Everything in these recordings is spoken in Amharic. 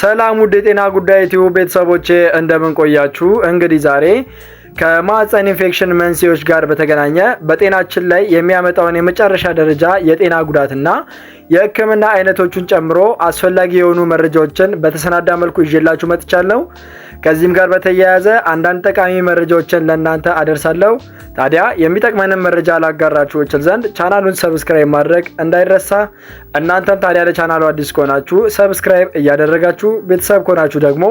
ሰላም ውድ የጤና ጉዳይ ቲዩብ ቤተሰቦቼ እንደምን ቆያችሁ? እንግዲህ ዛሬ ከማዕፀን ኢንፌክሽን መንስኤዎች ጋር በተገናኘ በጤናችን ላይ የሚያመጣውን የመጨረሻ ደረጃ የጤና ጉዳትና የሕክምና አይነቶቹን ጨምሮ አስፈላጊ የሆኑ መረጃዎችን በተሰናዳ መልኩ ይዤላችሁ መጥቻለሁ። ከዚህም ጋር በተያያዘ አንዳንድ ጠቃሚ መረጃዎችን ለእናንተ አደርሳለሁ። ታዲያ የሚጠቅመንም መረጃ ላጋራችሁ እችል ዘንድ ቻናሉን ሰብስክራይብ ማድረግ እንዳይረሳ። እናንተም ታዲያ ለቻናሉ አዲስ ከሆናችሁ ሰብስክራይብ እያደረጋችሁ ቤተሰብ ከሆናችሁ ደግሞ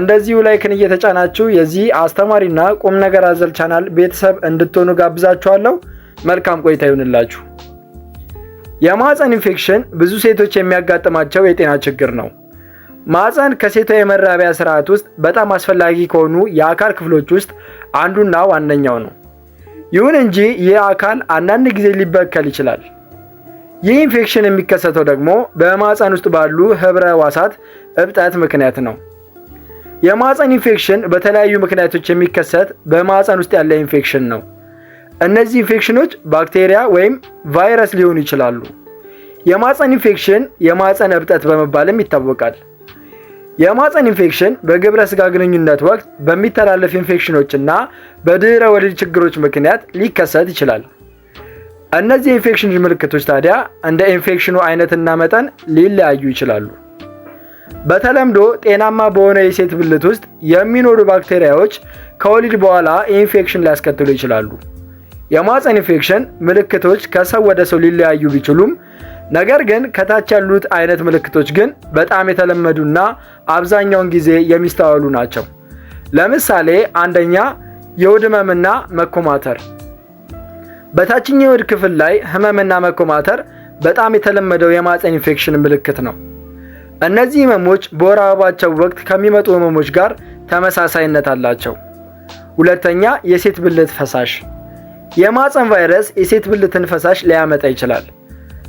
እንደዚሁ ላይክን እየተጫናችሁ የዚህ አስተማሪና ቁም ነገር አዘል ቻናል ቤተሰብ እንድትሆኑ ጋብዛችኋለሁ። መልካም ቆይታ ይሁንላችሁ። የማህፀን ኢንፌክሽን ብዙ ሴቶች የሚያጋጥማቸው የጤና ችግር ነው። ማህፀን ከሴቷ የመራቢያ ስርዓት ውስጥ በጣም አስፈላጊ ከሆኑ የአካል ክፍሎች ውስጥ አንዱና ዋነኛው ነው። ይሁን እንጂ ይህ አካል አንዳንድ ጊዜ ሊበከል ይችላል። ይህ ኢንፌክሽን የሚከሰተው ደግሞ በማህፀን ውስጥ ባሉ ህብረ ዋሳት እብጠት ምክንያት ነው። የማፀን ኢንፌክሽን በተለያዩ ምክንያቶች የሚከሰት በማፀን ውስጥ ያለ ኢንፌክሽን ነው። እነዚህ ኢንፌክሽኖች ባክቴሪያ ወይም ቫይረስ ሊሆኑ ይችላሉ። የማፀን ኢንፌክሽን የማፀን እብጠት በመባልም ይታወቃል። የማፀን ኢንፌክሽን በግብረ ስጋ ግንኙነት ወቅት በሚተላለፍ ኢንፌክሽኖች እና በድህረ ወሊድ ችግሮች ምክንያት ሊከሰት ይችላል። እነዚህ የኢንፌክሽን ምልክቶች ታዲያ እንደ ኢንፌክሽኑ አይነትና መጠን ሊለያዩ ይችላሉ። በተለምዶ ጤናማ በሆነ የሴት ብልት ውስጥ የሚኖሩ ባክቴሪያዎች ከወሊድ በኋላ ኢንፌክሽን ሊያስከትሉ ይችላሉ። የማፀን ኢንፌክሽን ምልክቶች ከሰው ወደ ሰው ሊለያዩ ቢችሉም ነገር ግን ከታች ያሉት አይነት ምልክቶች ግን በጣም የተለመዱና አብዛኛውን ጊዜ የሚስተዋሉ ናቸው። ለምሳሌ አንደኛ፣ የሆድ ህመምና መኮማተር። በታችኛው የሆድ ክፍል ላይ ህመምና መኮማተር በጣም የተለመደው የማፀን ኢንፌክሽን ምልክት ነው። እነዚህ ህመሞች በወር አበባቸው ወቅት ከሚመጡ ህመሞች ጋር ተመሳሳይነት አላቸው። ሁለተኛ፣ የሴት ብልት ፈሳሽ። የማፀን ቫይረስ የሴት ብልትን ፈሳሽ ሊያመጣ ይችላል።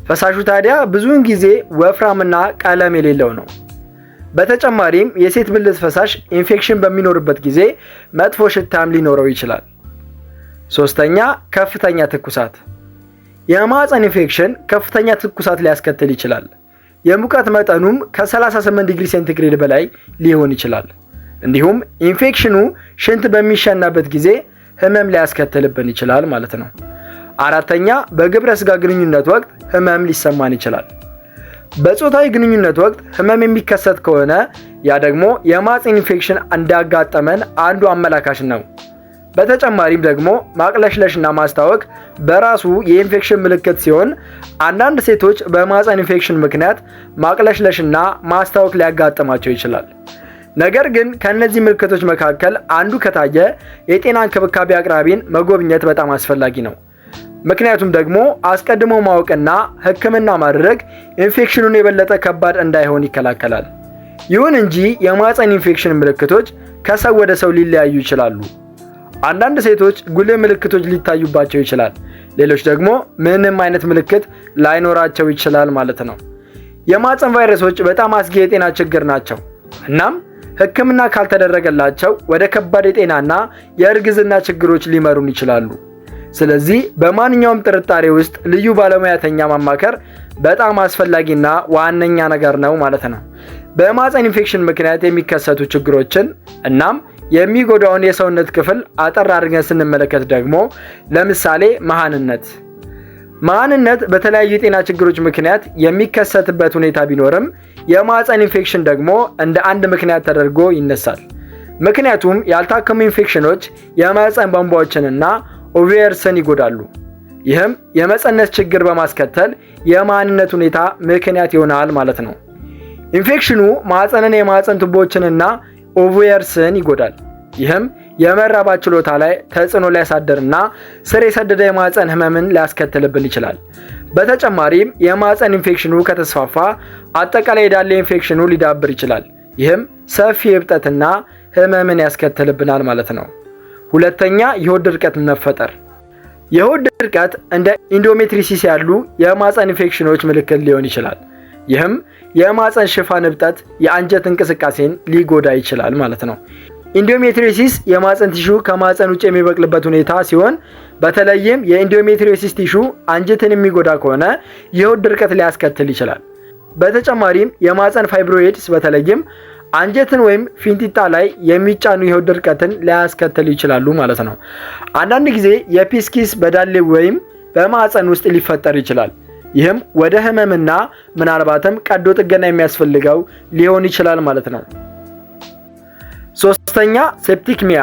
ፈሳሹ ታዲያ ብዙውን ጊዜ ወፍራምና ቀለም የሌለው ነው። በተጨማሪም የሴት ብልት ፈሳሽ ኢንፌክሽን በሚኖርበት ጊዜ መጥፎ ሽታም ሊኖረው ይችላል። ሶስተኛ፣ ከፍተኛ ትኩሳት። የማፀን ኢንፌክሽን ከፍተኛ ትኩሳት ሊያስከትል ይችላል። የሙቀት መጠኑም ከ38 ዲግሪ ሴንቲግሬድ በላይ ሊሆን ይችላል። እንዲሁም ኢንፌክሽኑ ሽንት በሚሸናበት ጊዜ ህመም ሊያስከትልብን ይችላል ማለት ነው። አራተኛ በግብረ ስጋ ግንኙነት ወቅት ህመም ሊሰማን ይችላል። በጾታዊ ግንኙነት ወቅት ህመም የሚከሰት ከሆነ ያ ደግሞ የማፅን ኢንፌክሽን እንዳጋጠመን አንዱ አመላካሽ ነው። በተጨማሪም ደግሞ ማቅለሽለሽና ማስታወክ በራሱ የኢንፌክሽን ምልክት ሲሆን አንዳንድ ሴቶች በማፀን ኢንፌክሽን ምክንያት ማቅለሽለሽና ማስታወክ ሊያጋጥማቸው ይችላል። ነገር ግን ከእነዚህ ምልክቶች መካከል አንዱ ከታየ የጤና እንክብካቤ አቅራቢን መጎብኘት በጣም አስፈላጊ ነው። ምክንያቱም ደግሞ አስቀድሞ ማወቅና ሕክምና ማድረግ ኢንፌክሽኑን የበለጠ ከባድ እንዳይሆን ይከላከላል። ይሁን እንጂ የማፀን ኢንፌክሽን ምልክቶች ከሰው ወደ ሰው ሊለያዩ ይችላሉ። አንዳንድ ሴቶች ጉልህ ምልክቶች ሊታዩባቸው ይችላል፣ ሌሎች ደግሞ ምንም አይነት ምልክት ላይኖራቸው ይችላል ማለት ነው። የማህፀን ቫይረሶች በጣም አስጊ የጤና ችግር ናቸው። እናም ሕክምና ካልተደረገላቸው ወደ ከባድ የጤናና የእርግዝና ችግሮች ሊመሩን ይችላሉ። ስለዚህ በማንኛውም ጥርጣሬ ውስጥ ልዩ ባለሙያተኛ ማማከር በጣም አስፈላጊና ዋነኛ ነገር ነው ማለት ነው። በማህፀን ኢንፌክሽን ምክንያት የሚከሰቱ ችግሮችን እናም የሚጎዳውን የሰውነት ክፍል አጠር አድርገን ስንመለከት ደግሞ ለምሳሌ መሃንነት መሃንነት በተለያዩ የጤና ችግሮች ምክንያት የሚከሰትበት ሁኔታ ቢኖርም የማፀን ኢንፌክሽን ደግሞ እንደ አንድ ምክንያት ተደርጎ ይነሳል። ምክንያቱም ያልታከሙ ኢንፌክሽኖች የማህፀን ቧንቧዎችንና ኦቪየርስን ይጎዳሉ። ይህም የመፀነስ ችግር በማስከተል የማንነት ሁኔታ ምክንያት ይሆናል ማለት ነው። ኢንፌክሽኑ ማፀንን የማፀን ቱቦዎችንና ኦቮየርስን ይጎዳል። ይህም የመራባት ችሎታ ላይ ተጽዕኖ ሊያሳድርና ስር የሰደደ የማፀን ህመምን ሊያስከትልብን ይችላል። በተጨማሪም የማፀን ኢንፌክሽኑ ከተስፋፋ አጠቃላይ የዳሌ ኢንፌክሽኑ ሊዳብር ይችላል። ይህም ሰፊ እብጠትና ህመምን ያስከትልብናል ማለት ነው። ሁለተኛ የሆድ ድርቀት መፈጠር። የሆድ ድርቀት እንደ ኢንዶሜትሪሲስ ያሉ የማፀን ኢንፌክሽኖች ምልክት ሊሆን ይችላል። ይህም የማፀን ሽፋን እብጠት የአንጀት እንቅስቃሴን ሊጎዳ ይችላል ማለት ነው። ኢንዶሜትሪዮሲስ የማፀን ቲሹ ከማፀን ውጭ የሚበቅልበት ሁኔታ ሲሆን በተለይም የኢንዶሜትሪዮሲስ ቲሹ አንጀትን የሚጎዳ ከሆነ የሆድ ድርቀት ሊያስከትል ይችላል። በተጨማሪም የማፀን ፋይብሮይድስ በተለይም አንጀትን ወይም ፊንጢጣ ላይ የሚጫኑ የሆድ ድርቀትን ሊያስከትል ይችላሉ ማለት ነው። አንዳንድ ጊዜ የፒስኪስ በዳሌ ወይም በማፀን ውስጥ ሊፈጠር ይችላል። ይህም ወደ ህመምና ምናልባትም ቀዶ ጥገና የሚያስፈልገው ሊሆን ይችላል ማለት ነው። ሶስተኛ ሴፕቲክሚያ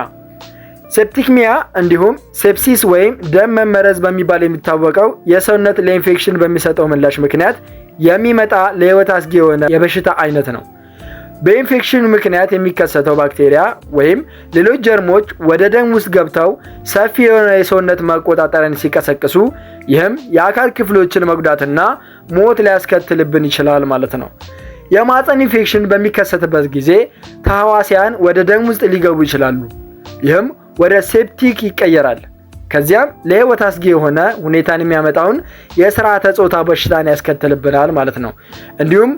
ሴፕቲክሚያ እንዲሁም ሴፕሲስ ወይም ደም መመረዝ በሚባል የሚታወቀው የሰውነት ለኢንፌክሽን በሚሰጠው ምላሽ ምክንያት የሚመጣ ለህይወት አስጊ የሆነ የበሽታ አይነት ነው። በኢንፌክሽን ምክንያት የሚከሰተው ባክቴሪያ ወይም ሌሎች ጀርሞች ወደ ደም ውስጥ ገብተው ሰፊ የሆነ የሰውነት መቆጣጠርን ሲቀሰቅሱ ይህም የአካል ክፍሎችን መጉዳትና ሞት ሊያስከትልብን ይችላል ማለት ነው። የማፀን ኢንፌክሽን በሚከሰትበት ጊዜ ተህዋሲያን ወደ ደም ውስጥ ሊገቡ ይችላሉ። ይህም ወደ ሴፕቲክ ይቀየራል። ከዚያም ለህይወት አስጊ የሆነ ሁኔታን የሚያመጣውን የስርዓተ ጾታ በሽታን ያስከትልብናል ማለት ነው። እንዲሁም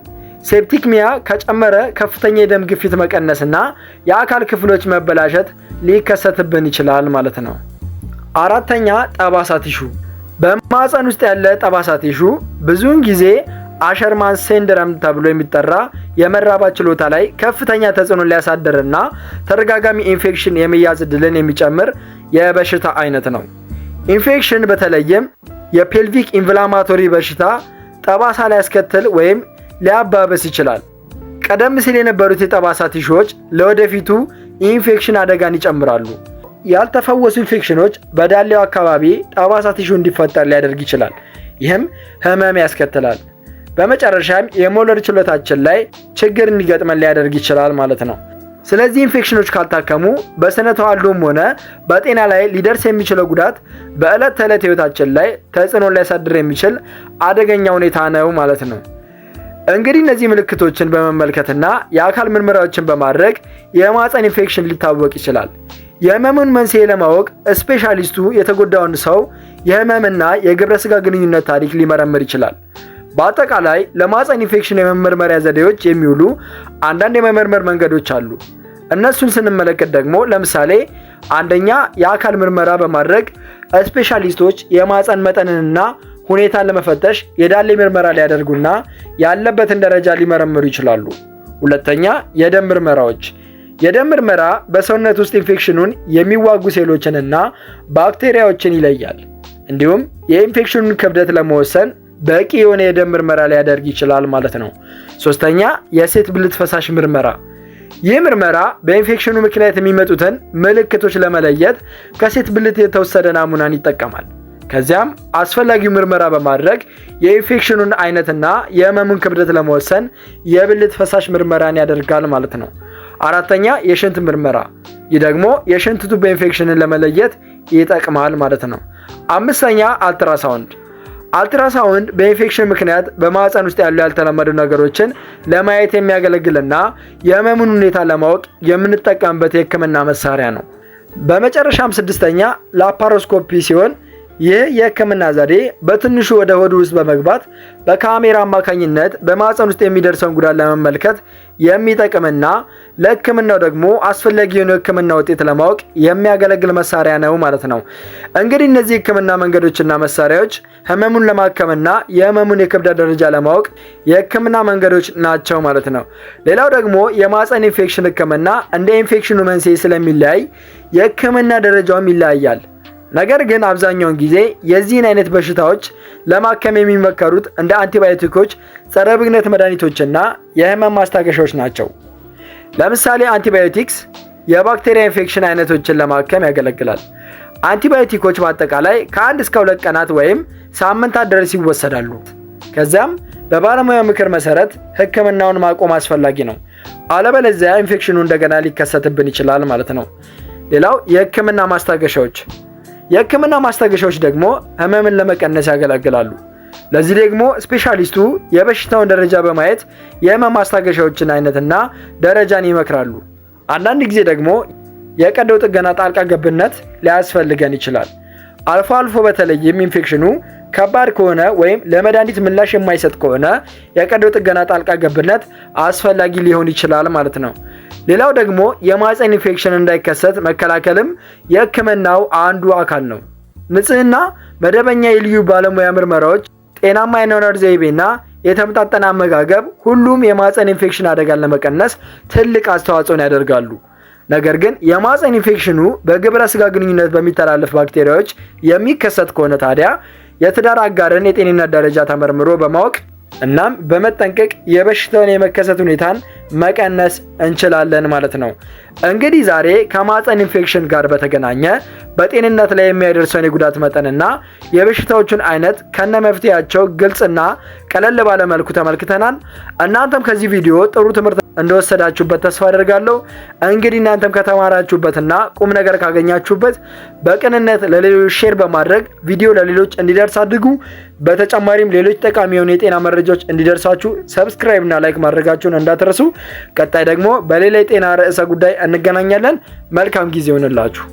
ሴፕቲክሚያ ከጨመረ ከፍተኛ የደም ግፊት መቀነስና የአካል ክፍሎች መበላሸት ሊከሰትብን ይችላል ማለት ነው። አራተኛ ጠባሳ ቲሹ። በማፀን ውስጥ ያለ ጠባሳ ቲሹ ብዙውን ጊዜ አሸርማን ሴንድረም ተብሎ የሚጠራ የመራባት ችሎታ ላይ ከፍተኛ ተጽዕኖ ሊያሳድርና ተደጋጋሚ ኢንፌክሽን የመያዝ ዕድልን የሚጨምር የበሽታ አይነት ነው። ኢንፌክሽን በተለይም የፔልቪክ ኢንፍላማቶሪ በሽታ ጠባሳ ሊያስከትል ወይም ሊያባበስ ይችላል። ቀደም ሲል የነበሩት የጠባሳ ቲሾዎች ለወደፊቱ የኢንፌክሽን አደጋን ይጨምራሉ። ያልተፈወሱ ኢንፌክሽኖች በዳሌው አካባቢ ጠባሳ ቲሹ እንዲፈጠር ሊያደርግ ይችላል። ይህም ህመም ያስከትላል። በመጨረሻም የመውለድ ችሎታችን ላይ ችግር እንዲገጥመን ሊያደርግ ይችላል ማለት ነው። ስለዚህ ኢንፌክሽኖች ካልታከሙ በስነ ተዋልዶም ሆነ በጤና ላይ ሊደርስ የሚችለው ጉዳት በዕለት ተዕለት ህይወታችን ላይ ተጽዕኖ ሊያሳድር የሚችል አደገኛ ሁኔታ ነው ማለት ነው። እንግዲህ እነዚህ ምልክቶችን በመመልከትና የአካል ምርመራዎችን በማድረግ የማፀን ኢንፌክሽን ሊታወቅ ይችላል። የህመሙን መንስኤ ለማወቅ ስፔሻሊስቱ የተጎዳውን ሰው የህመምና የግብረ ስጋ ግንኙነት ታሪክ ሊመረምር ይችላል። በአጠቃላይ ለማፀን ኢንፌክሽን የመመርመሪያ ዘዴዎች የሚውሉ አንዳንድ የመመርመር መንገዶች አሉ። እነሱን ስንመለከት ደግሞ ለምሳሌ አንደኛ የአካል ምርመራ በማድረግ ስፔሻሊስቶች የማፀን መጠንንና ሁኔታን ለመፈተሽ የዳሌ ምርመራ ሊያደርጉና ያለበትን ደረጃ ሊመረምሩ ይችላሉ። ሁለተኛ የደም ምርመራዎች የደም ምርመራ በሰውነት ውስጥ ኢንፌክሽኑን የሚዋጉ ሴሎችንና ባክቴሪያዎችን ይለያል። እንዲሁም የኢንፌክሽኑን ክብደት ለመወሰን በቂ የሆነ የደም ምርመራ ሊያደርግ ይችላል ማለት ነው። ሶስተኛ የሴት ብልት ፈሳሽ ምርመራ። ይህ ምርመራ በኢንፌክሽኑ ምክንያት የሚመጡትን ምልክቶች ለመለየት ከሴት ብልት የተወሰደ ናሙናን ይጠቀማል። ከዚያም አስፈላጊው ምርመራ በማድረግ የኢንፌክሽኑን አይነትና የህመሙን ክብደት ለመወሰን የብልት ፈሳሽ ምርመራን ያደርጋል ማለት ነው። አራተኛ የሽንት ምርመራ፣ ይህ ደግሞ የሽንት ቱቦ ኢንፌክሽንን ለመለየት ይጠቅማል ማለት ነው። አምስተኛ አልትራሳውንድ አልትራሳውንድ በኢንፌክሽን ምክንያት በማህፀን ውስጥ ያሉ ያልተለመዱ ነገሮችን ለማየት የሚያገለግልና የህመሙን ሁኔታ ለማወቅ የምንጠቀምበት የህክምና መሳሪያ ነው። በመጨረሻም ስድስተኛ ላፓሮስኮፒ ሲሆን ይህ የህክምና ዘዴ በትንሹ ወደ ሆድ ውስጥ በመግባት በካሜራ አማካኝነት በማፀን ውስጥ የሚደርሰውን ጉዳት ለመመልከት የሚጠቅምና ለህክምናው ደግሞ አስፈላጊውን ህክምና ውጤት ለማወቅ የሚያገለግል መሳሪያ ነው ማለት ነው። እንግዲህ እነዚህ ህክምና መንገዶችና መሳሪያዎች ህመሙን ለማከምና የህመሙን የክብደት ደረጃ ለማወቅ የህክምና መንገዶች ናቸው ማለት ነው። ሌላው ደግሞ የማፀን ኢንፌክሽን ህክምና እንደ ኢንፌክሽኑ መንስኤ ስለሚለያይ የህክምና ደረጃውም ይለያያል። ነገር ግን አብዛኛውን ጊዜ የዚህን አይነት በሽታዎች ለማከም የሚመከሩት እንደ አንቲባዮቲኮች፣ ጸረ ብግነት መድኃኒቶችና የህመም ማስታገሻዎች ናቸው። ለምሳሌ አንቲባዮቲክስ የባክቴሪያ ኢንፌክሽን አይነቶችን ለማከም ያገለግላል። አንቲባዮቲኮች በአጠቃላይ ከአንድ እስከ ሁለት ቀናት ወይም ሳምንታት ድረስ ይወሰዳሉ። ከዚያም በባለሙያ ምክር መሰረት ህክምናውን ማቆም አስፈላጊ ነው። አለበለዚያ ኢንፌክሽኑ እንደገና ሊከሰትብን ይችላል ማለት ነው። ሌላው የህክምና ማስታገሻዎች የህክምና ማስታገሻዎች ደግሞ ህመምን ለመቀነስ ያገለግላሉ። ለዚህ ደግሞ ስፔሻሊስቱ የበሽታውን ደረጃ በማየት የህመም ማስታገሻዎችን አይነትና ደረጃን ይመክራሉ። አንዳንድ ጊዜ ደግሞ የቀዶ ጥገና ጣልቃ ገብነት ሊያስፈልገን ይችላል። አልፎ አልፎ በተለይም ኢንፌክሽኑ ከባድ ከሆነ ወይም ለመድኃኒት ምላሽ የማይሰጥ ከሆነ የቀዶ ጥገና ጣልቃ ገብነት አስፈላጊ ሊሆን ይችላል ማለት ነው። ሌላው ደግሞ የማፀን ኢንፌክሽን እንዳይከሰት መከላከልም የህክምናው አንዱ አካል ነው። ንጽህና፣ መደበኛ የልዩ ባለሙያ ምርመራዎች፣ ጤናማ የአኗኗር ዘይቤና የተመጣጠነ አመጋገብ ሁሉም የማፀን ኢንፌክሽን አደጋን ለመቀነስ ትልቅ አስተዋጽኦን ያደርጋሉ። ነገር ግን የማፀን ኢንፌክሽኑ በግብረ ስጋ ግንኙነት በሚተላለፍ ባክቴሪያዎች የሚከሰት ከሆነ ታዲያ የትዳር አጋርን የጤንነት ደረጃ ተመርምሮ በማወቅ እናም በመጠንቀቅ የበሽታውን የመከሰት ሁኔታን መቀነስ እንችላለን ማለት ነው። እንግዲህ ዛሬ ከማህፀን ኢንፌክሽን ጋር በተገናኘ በጤንነት ላይ የሚያደርሰውን የጉዳት መጠንና የበሽታዎቹን አይነት ከነ መፍትሄያቸው ግልጽና ቀለል ባለ መልኩ ተመልክተናል። እናንተም ከዚህ ቪዲዮ ጥሩ ትምህርት እንደወሰዳችሁበት ተስፋ አደርጋለሁ። እንግዲህ እናንተም ከተማራችሁበትና ቁም ነገር ካገኛችሁበት በቅንነት ለሌሎች ሼር በማድረግ ቪዲዮ ለሌሎች እንዲደርስ አድርጉ። በተጨማሪም ሌሎች ጠቃሚ የሆኑ የጤና መረጃዎች እንዲደርሳችሁ ሰብስክራይብ ላይክ ማድረጋችሁን እንዳትረሱ። ቀጣይ ደግሞ በሌላ የጤና ርዕሰ ጉዳይ እንገናኛለን። መልካም ጊዜ ይሆንላችሁ።